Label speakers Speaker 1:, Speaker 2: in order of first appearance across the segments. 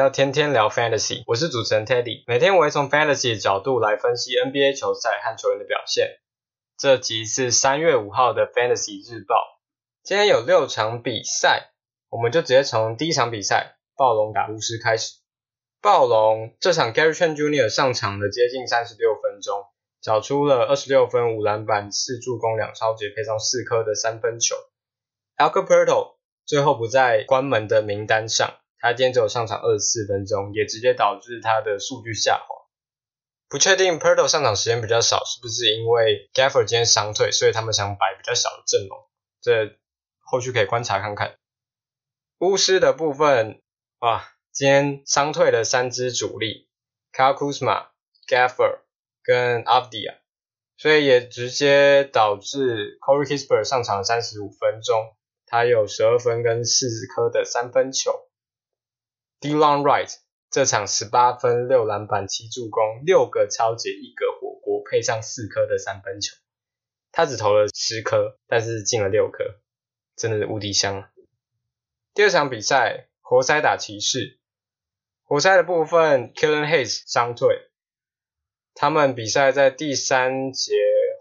Speaker 1: 要天天聊 fantasy，我是主持人 Teddy，每天我會從 fantasy 的角度來分析 NBA 球賽和球員的表現。這集是三月五號的 fantasy 日報。今天有六場比賽，我們就直接從第一場比賽暴龍打巫師開始。暴龍這場 Gary Trent Jr 上場了接近三十六分鐘，繳出了二十六分、五籃板、四助攻、兩抄截，配上四顆的三分球。Al c o p r t o 最後不在關門的名單上。他今天只有上場二十四分鐘，也直接導致他的數據下滑。不確定 Poole 上場時間比較少，是不是因為 Gaffer 今天傷退，所以他們想擺比較小的陣容？這後續可以觀察看看。巫師的部分，哇，今天傷退了三支主力，Kuzma、Gaffer 跟 Avdija，所以也直接導致 Corey Kispert 上場三十五分鐘，他有十二分跟四顆的三分球。Delon Wright 這場十八分、六籃板、七助攻、六個抄截一個火鍋，配上四顆的三分球，他只投了十顆，但是進了六顆，真的是無敵香啊。第二場比賽，活塞打騎士，活塞的部分 Killian Hayes 傷退，他們比賽在第三節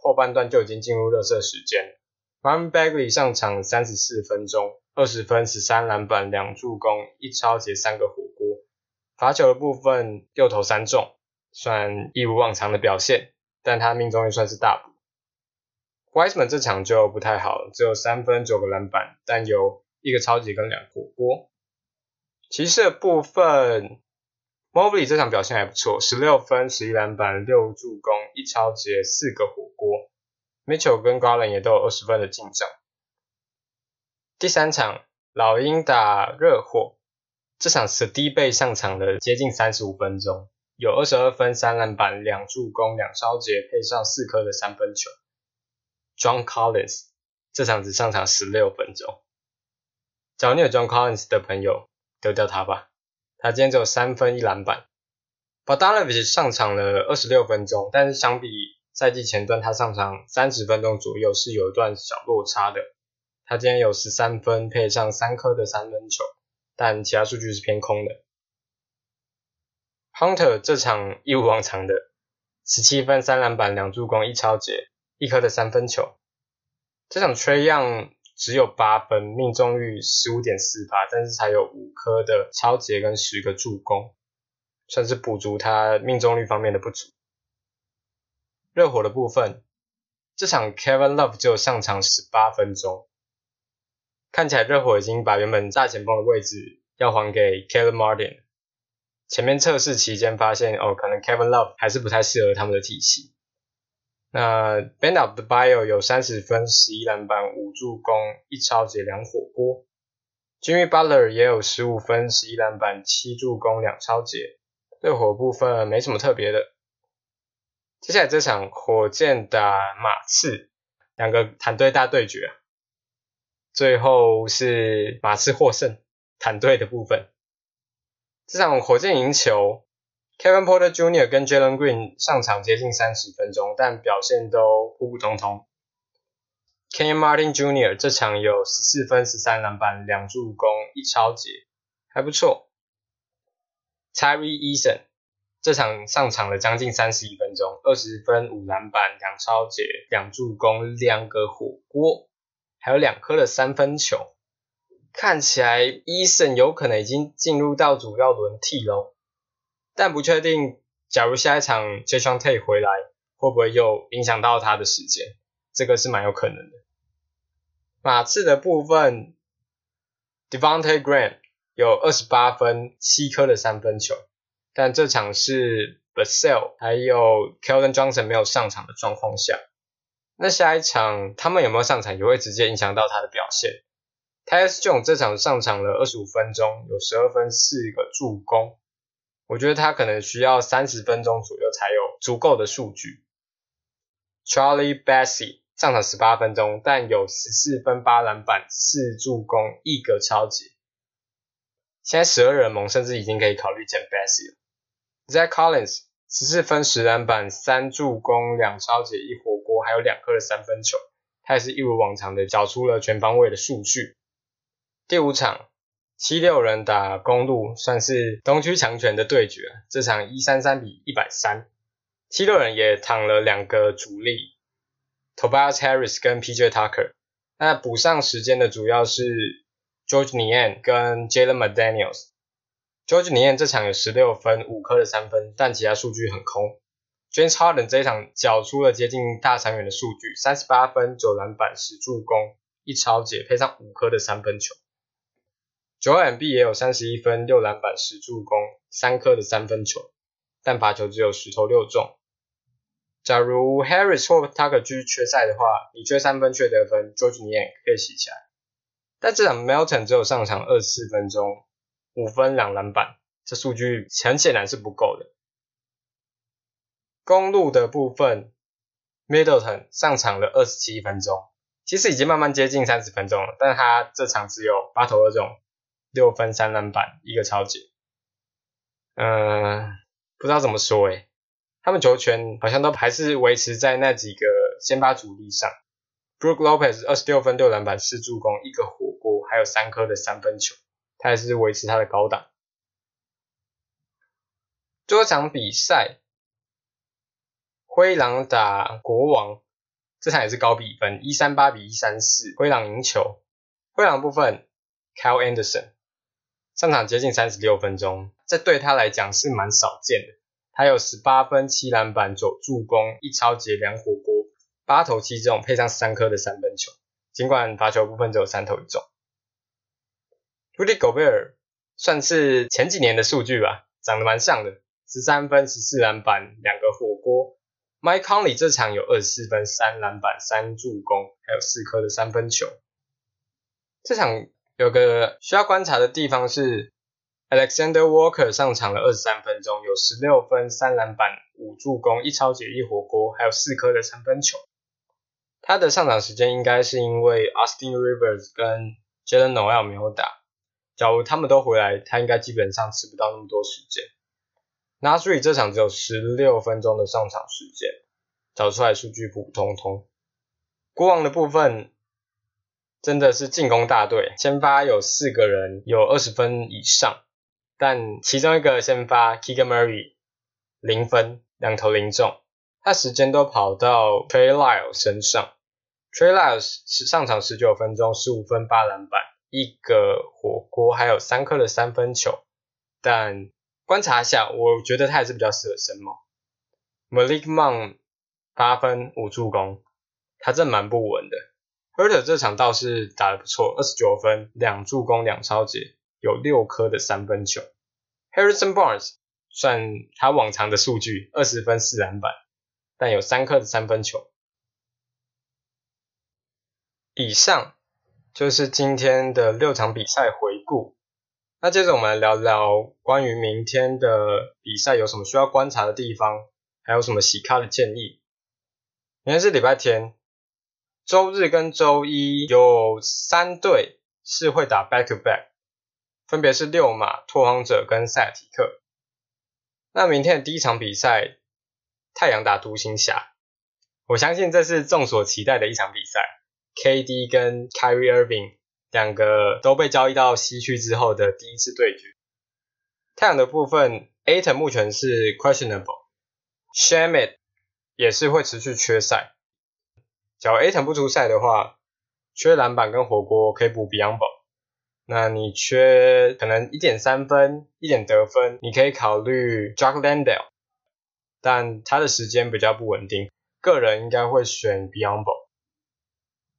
Speaker 1: 後半段就已經進入垃圾時間了。Marvin Bagley 上場三十四分鐘。二十分，十三籃板，兩助攻，一抄截，三個火鍋。罰球的部分，六投三中，算一如往常的表現，但他命中率算是大補。Wiseman 這場就不太好了，只有三分，九個籃板，但有一個抄截跟兩個火鍋。騎士的部分，Mobley 這場表現還不錯，十六分，十一籃板，六助攻，一抄截，四個火鍋。Mitchell 跟 Garland 也都有二十分的進賬。第三場，老鷹打熱火，這場史蒂貝上場了接近三十五分鐘，有二十二分、三籃板、兩助攻、兩抄截，配上四顆的三分球。John Collins，這場只上場十六分鐘，找你有 John Collins 的朋友，丟掉他吧，他今天只有三分一籃板。Butalovich 上場了二十六分鐘，但是相比賽季前段他上場三十分鐘左右是有一段小落差的。他今天有十三分，配上三顆的三分球，但其他數據是偏空的。Hunter 這場一如往常的十七分、三籃板、兩助攻、一抄截、一顆的三分球。這場 Trae Young 只有八分，命中率十五點四八，但是才有五顆的抄截跟十個助攻，算是補足他命中率方面的不足。熱火的部分，這場 Kevin Love 就上場十八分鐘。看起來熱火已經把原本大前鋒的位置要還給 Caleb Martin。前面測試期間發現，哦，可能 Kevin Love 還是不太適合他們的體系。那 Bam Adebayo 有三十分、十一籃板、五助攻、一抄截、兩火鍋。Jimmy Butler 也有十五分、十一籃板、七助攻、兩抄截。熱火部分沒什麼特別的。接下來這場火箭打馬刺，兩個團隊大對決。最後是馬刺獲勝，坦隊的部分。這場火箭贏球，Kevin Porter Jr. 跟 Jalen Green 上場接近三十分鐘，但表現都普普通通。Kenny Martin Jr. 這場有十四分、十三籃板、兩助攻、一抄截，還不錯。Tari Eason 這場上場了將近三十一分鐘，二十分、五籃板、兩抄截，兩助攻、兩個火鍋。還有兩顆的三分球，看起來 Eason 有可能已經進入到主要輪替嘍，但不確定，假如下一場 Jae'Sean Tate 回來，會不會又影響到他的時間？這個是蠻有可能的。馬刺的部分，Devonte' Graham 有二十八分七顆的三分球，但這場是 Vassell 還有 Keldon Johnson 沒有上場的狀況下。那下一場他們有沒有上場，也會直接影響到他的表現。Tre Jones 這場上場了二十五分鐘，有十二分四個助攻，我覺得他可能需要三十分鐘左右才有足夠的數據。Charlie Bassey 上場十八分鐘，但有十四分八籃板四助攻一個超級。現在十二人盟甚至已經可以考慮撿 Bassey 了。Zach Collins。十四分、十籃板、三助攻、兩抄截、一火鍋，還有兩顆的三分球，他也是一如往常的繳出了全方位的數據。第五場，七六人打公鹿，算是東區強權的對決。這場一三三比一百三，七六人也躺了兩個主力，Tobias Harris 跟 PJ Tucker。那補上時間的主要是 Georges Niang 跟 Jalen McDaniels。George Niang 這場有十六分五顆的三分，但其他數據很空。James Harden 這一場繳出了接近大三元的數據，三十八分九籃板十助攻一抄截，配上五顆的三分球。Jordan B 也有三十一分六籃板十助攻三顆的三分球，但罰球只有十投六中。假如 Harris 或 Tucker 繼續缺賽的話，你缺三分缺得分，George Niang 可以洗起來。但這場 Melton 只有上場二十四分鐘。五分兩籃板，這數據很顯然是不夠的。公鹿的部分，Middleton 上場了二十七分鐘，其實已經慢慢接近三十分鐘了，但他這場只有八投二中，六分三籃板一個抄截。嗯、呃、不知道怎麼說哎，他們球權好像都還是維持在那幾個先發主力上。Brook Lopez 二十六分六籃板四助攻一個火鍋，還有三顆的三分球。他也是維持他的高檔。多場比賽，灰狼打國王，這場也是高比分，一三八比一三四，灰狼贏球。灰狼部分，Kyle Anderson 上場接近三十六分鐘，這對他來講是蠻少見的。他有十八分、七籃板、九助攻、一抄截、兩火鍋、八投七中，配上三顆的三分球，儘管罰球部分只有三投一中。Rudy Gobert 算是前幾年的數據吧，長得蠻像的，十三分、十四籃板、兩個火鍋。Mike Conley 這場有二十四分、三籃板、三助攻，還有四顆的三分球。這場有個需要觀察的地方是，Alexander Walker 上場了二十三分鐘，有十六分、三籃板、五助攻、一抄截、一火鍋，還有四顆的三分球。他的上場時間應該是因為 Austin Rivers 跟 Jaylen Nowell 沒有打。假如他們都回來，他應該基本上吃不到那麼多時間。那所以這場只有十六分鐘的上場時間，找出來數據普普通通。國王的部分真的是進攻大隊，先發有四個人有二十分以上，但其中一個先發 Keegan Murray 零分，兩投零中，他時間都跑到 Trey Lyles 身上。Trey Lyles 是上場十九分鐘，十五分八籃板。一個火鍋，還有三顆的三分球，但觀察一下，我覺得他還是比較適合申貓。Malik Monk 八分五助攻，他這蠻不穩的。Hurt 這場倒是打得不錯，二十九分兩助攻兩抄截，有六顆的三分球。Harrison Barnes 算他往常的數據，二十分四籃板，但有三顆的三分球。以上。就是今天的六場比賽回顧。那接着我們來聊聊關於明天的比賽有什麼需要觀察的地方，還有什麼洗咖的建議。明天是禮拜天，周日跟周一有三隊是會打 back to back，分別是溜馬、拓荒者跟塞爾提克。那明天的第一場比賽，太陽打獨行俠，我相信這是眾所期待的一場比賽。KD 跟 Kyrie Irving 兩個都被交易到西區之後的第一次對決。太陽的部分 Ayton 目前是 questionable，Shamet 也是會持續缺賽。假如 Ayton 不出賽的話，缺籃板跟火鍋可以補 Biyombo。那你缺可能一點三分、一點得分，你可以考慮 Jock Landale 但他的時間比較不穩定，個人應該會選 Biyombo。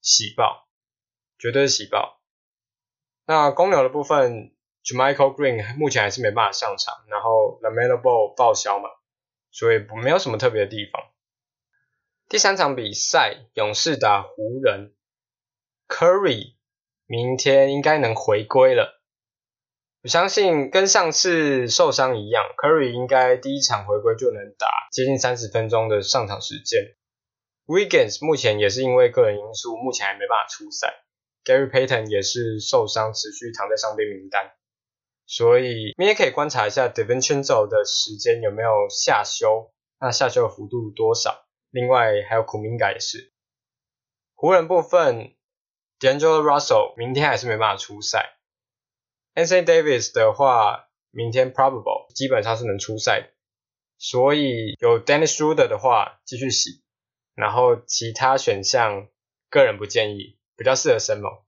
Speaker 1: 喜報，絕對是喜報。那公牛的部分，Jamichael Green 目前還是沒辦法上場，然後 Lamelo Ball 報銷嘛，所以沒有什麼特別的地方。第三場比賽，勇士打湖人，Curry 明天應該能回歸了。我相信跟上次受傷一樣，Curry 應該第一場回歸就能打接近三十分鐘的上場時間。Wiggins 目前也是因為個人因素，目前還沒辦法出賽。Gary Payton 也是受傷，持續躺在傷病名單。所以明天可以觀察一下 DiVincenzo 的時間有沒有下修，那下修的幅度多少？另外還有 Kuminga 也是。湖人部分 D'Angelo Russell 明天還是沒辦法出賽。Anthony Davis 的話，明天 Probable 基本上是能出賽的。所以有 Dennis Schroder 的話，繼續洗。然後其他選項，個人不建議，比較適合深 league。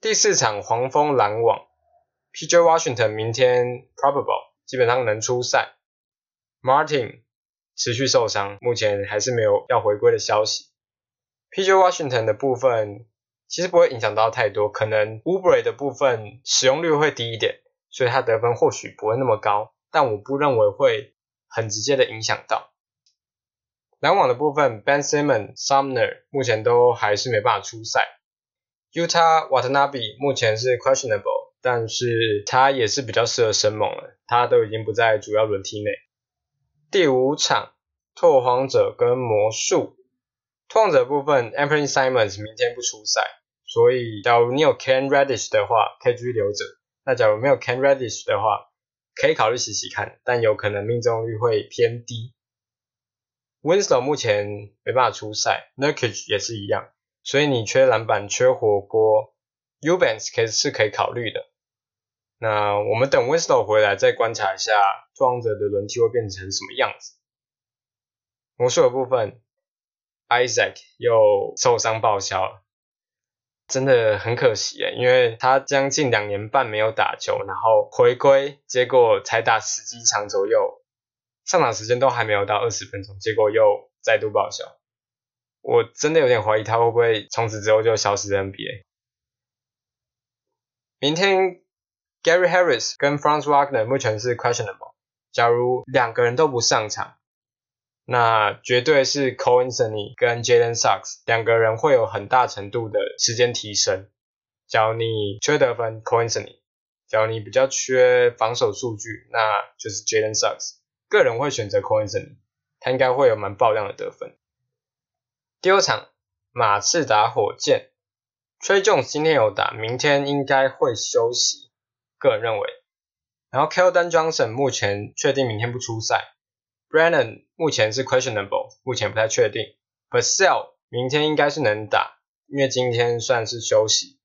Speaker 1: 第四場黃蜂籃網，P.J. Washington 明天 probable 基本上能出賽，Martin 持續受傷，目前還是沒有要回歸的消息。P.J. Washington 的部分其實不會影響到太多，可能 Uber 的部分使用率會低一點，所以他得分或許不會那麼高，但我不認為會很直接的影響到。籃網的部分，Ben Simmons、Sumner 目前都還是沒辦法出賽。Yuta Watanabe 目前是 questionable，但是他也是比較適合生猛了，他都已經不在主要輪替內。第五場，拓荒者跟魔術。拓荒者部分，Anfernee Simons 明天不出賽，所以假如你有 Ken Radish 的話，可以繼續留着。那假如沒有 Ken Radish 的話，可以考慮洗洗看，但有可能命中率會偏低。Winston 目前沒辦法出賽，Nurkic 也是一樣，所以你缺籃板、缺火鍋，Eubanks 可以是可以考慮的。那我們等 Winslow 回來再觀察一下，莊者的輪替會變成什麼樣子。魔術的部分，Isaac 又受傷報銷了，真的很可惜哎，因為他將近兩年半沒有打球，然後回歸，結果才打十幾場左右。上場時間都還沒有到二十分鐘，結果又再度報銷，我真的有點懷疑他會不會從此之後就消失 NBA。明天 Gary Harris 跟 Franz Wagner 目前是 questionable，假如兩個人都不上場，那絕對是 Cole Anthony 跟 Jalen Suggs 兩個人會有很大程度的時間提升。假如你缺得分，Cole Anthony；假如你比較缺防守數據，那就是 Jalen Suggs。個人會選擇 c o i n s e n 他應該會有蠻爆量的得分。第二場馬刺打火箭，崔仲今天有打，明天應該會休息，個人認為。然後 Keldon Johnson 目前確定明天不出賽。b r e n n a n 目前是 questionable，目前不太確定。Butzell 明天應該是能打，因為今天算是休息，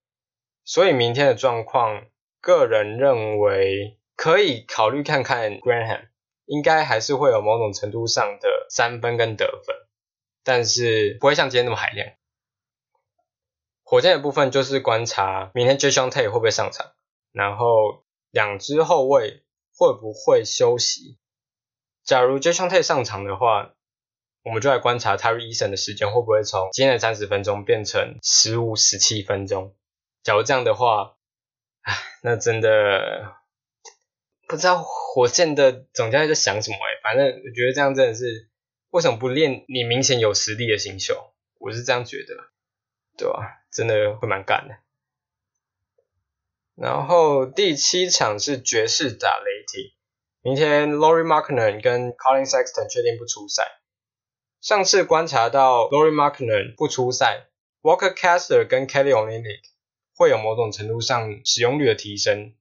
Speaker 1: 所以明天的狀況，個人認為可以考慮看看 Graham。應該還是會有某種程度上的三分跟得分，但是不會像今天那麼海量。火箭的部分就是觀察明天 Jae'Sean Tate 會不會上場，然後兩支後衛會不會休息。假如 Jae'Sean Tate 上場的話，我們就來觀察 Tari Eason 的時間會不會從今天的三十分鐘變成十五、十七分鐘。假如這樣的話，唉，那真的。不知道火箭的總教練在想什麼誒、欸、反正我覺得這樣真的是為什麼不練你明顯有實力的新秀。我是這樣覺得，對吧、啊？真的會蠻乾的。然後第七場是爵士打雷霆，明天 Lauri Markkanen 跟 Collin Sexton 確定不出賽。上次觀察到 Lauri Markkanen 不出賽，Walker Kessler 跟 Kelly Olynyk 會有某種程度上使用率的提升。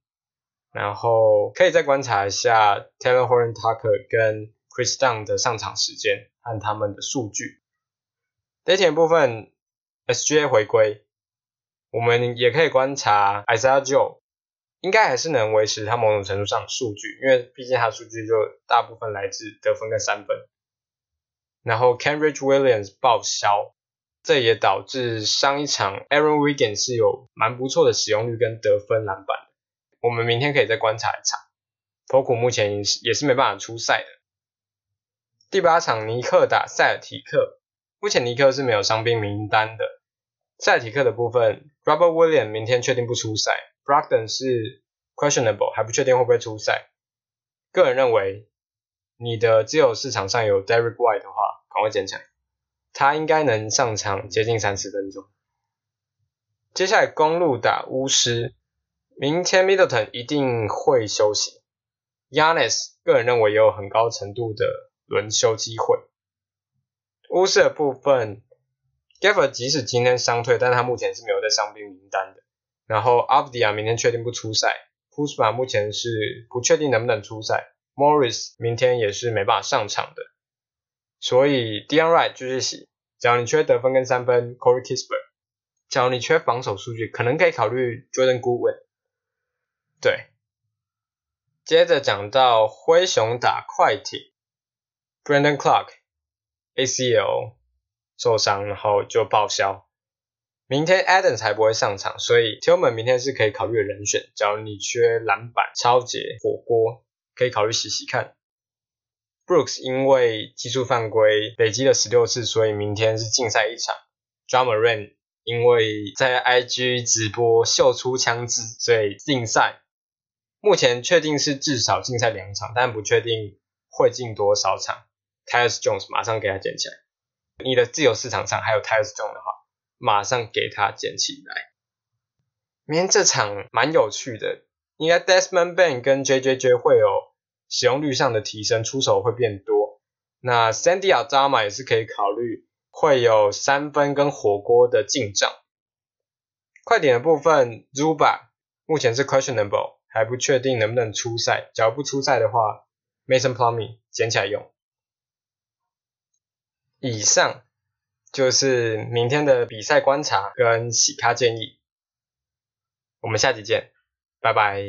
Speaker 1: 然後可以再觀察一下 Talen Horton-Tucker 跟 Chris Dunn 的上場時間和他們的數據。Dayton 部分 SGA 回歸，我們也可以觀察 Isaiah Joe 應該還是能維持他某種程度上的數據，因為畢竟他的數據就大部分來自得分跟三分。然後 Kenrich Williams 報銷，這也導致上一場 Aaron Wiggins 是有蠻不錯的使用率跟得分籃板。我們明天可以再觀察一場。頭古目前也是,也是沒辦法出賽的。第八場尼克打塞爾提克，目前尼克是沒有傷病名單的。賽爾提克的部分，Robert w i l l i a m 明天確定不出賽 b r o c k t o n 是 questionable，還不確定會不會出賽。個人認為，你的自 o 市場上有 Derek White 的話，趕快撿起來，他應該能上場接近三十分鐘。接下來公路打巫師。明天 Middleton 一定會休息，Giannis 個人認為也有很高程度的輪休機會。巫師部分，Gafford 即使今天傷退，但是他目前是沒有在傷病名單的。然後 Avdija 明天確定不出賽，Kuzma 目前是不確定能不能出賽，Morris 明天也是沒辦法上場的。所以 Delon Wright 就是洗，只要你缺得分跟三分，Corey Kispert，假如你缺防守數據，可能可以考慮 Jordan Goodwin。對，接着講到灰熊打快艇，Brandon Clark ACL 受傷，然後就報銷。明天 Adams 才不會上場，所以 Tillman 明天是可以考慮的人選。假如你缺籃板、抄截、火鍋，可以考慮洗洗看。Brooks 因為技術犯規累積了十六次，所以明天是禁賽一場。Drummond 因為在 IG 直播秀出槍支，所以禁賽。目前確定是至少進賽兩場，但不確定會進多少場。Tyus Jones 馬上給他撿起來。你的自由市場上還有 Tyus Jones 的話，馬上給他撿起來。明天這場蠻有趣的，應該 Desmond Bane 跟 J J J 會有使用率上的提升，出手會變多。那 Santi Aldama 也是可以考慮，會有三分跟火鍋的進賬。快點的部分，Zuba 目前是 questionable。還不確定能不能出賽，只要不出賽的話，Mason Plumlee 撿起來用。以上就是明天的比賽觀察跟洗咖建議，我們下期見，拜拜。